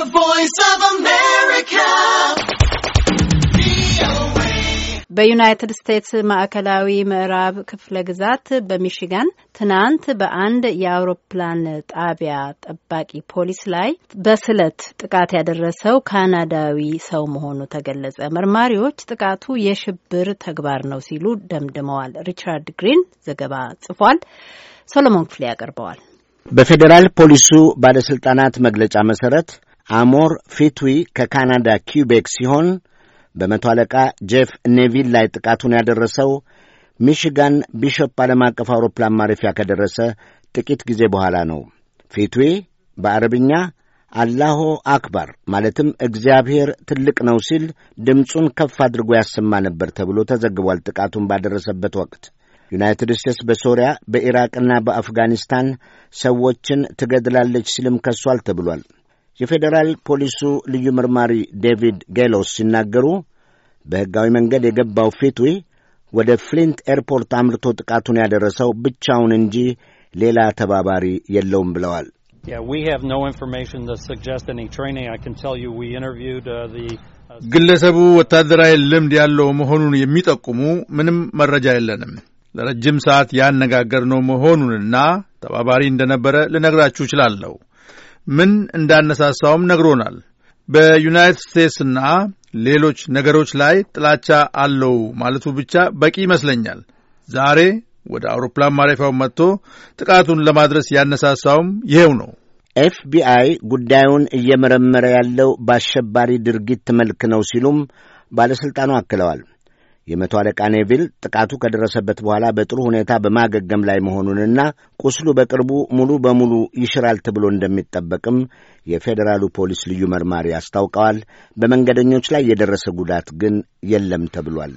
The Voice of America. በዩናይትድ ስቴትስ ማዕከላዊ ምዕራብ ክፍለ ግዛት በሚሽጋን ትናንት በአንድ የአውሮፕላን ጣቢያ ጠባቂ ፖሊስ ላይ በስለት ጥቃት ያደረሰው ካናዳዊ ሰው መሆኑ ተገለጸ። መርማሪዎች ጥቃቱ የሽብር ተግባር ነው ሲሉ ደምድመዋል። ሪቻርድ ግሪን ዘገባ ጽፏል። ሶሎሞን ክፍሌ ያቀርበዋል። በፌዴራል ፖሊሱ ባለስልጣናት መግለጫ መሠረት አሞር ፊትዊ ከካናዳ ኪውቤክ ሲሆን በመቶ አለቃ ጄፍ ኔቪል ላይ ጥቃቱን ያደረሰው ሚሽጋን ቢሾፕ ዓለም አቀፍ አውሮፕላን ማረፊያ ከደረሰ ጥቂት ጊዜ በኋላ ነው። ፊትዊ በአረብኛ አላሁ አክባር ማለትም እግዚአብሔር ትልቅ ነው ሲል ድምፁን ከፍ አድርጎ ያሰማ ነበር ተብሎ ተዘግቧል። ጥቃቱን ባደረሰበት ወቅት ዩናይትድ ስቴትስ በሶሪያ በኢራቅና በአፍጋኒስታን ሰዎችን ትገድላለች ሲልም ከሷል ተብሏል። የፌዴራል ፖሊሱ ልዩ መርማሪ ዴቪድ ጌሎስ ሲናገሩ በሕጋዊ መንገድ የገባው ፊትዊ ወደ ፍሊንት ኤርፖርት አምርቶ ጥቃቱን ያደረሰው ብቻውን እንጂ ሌላ ተባባሪ የለውም ብለዋል። uh, uh, ግለሰቡ ወታደራዊ ልምድ ያለው መሆኑን የሚጠቁሙ ምንም መረጃ የለንም። ለረጅም ሰዓት ያነጋገርነው መሆኑንና ተባባሪ እንደነበረ ልነግራችሁ እችላለሁ። ምን እንዳነሳሳውም ነግሮናል። በዩናይትድ ስቴትስና ሌሎች ነገሮች ላይ ጥላቻ አለው ማለቱ ብቻ በቂ ይመስለኛል። ዛሬ ወደ አውሮፕላን ማረፊያው መጥቶ ጥቃቱን ለማድረስ ያነሳሳውም ይሄው ነው። ኤፍቢአይ ጉዳዩን እየመረመረ ያለው በአሸባሪ ድርጊት መልክ ነው ሲሉም ባለሥልጣኑ አክለዋል። የመቶ አለቃ ኔቪል ጥቃቱ ከደረሰበት በኋላ በጥሩ ሁኔታ በማገገም ላይ መሆኑንና ቁስሉ በቅርቡ ሙሉ በሙሉ ይሽራል ተብሎ እንደሚጠበቅም የፌዴራሉ ፖሊስ ልዩ መርማሪ አስታውቀዋል። በመንገደኞች ላይ የደረሰ ጉዳት ግን የለም ተብሏል።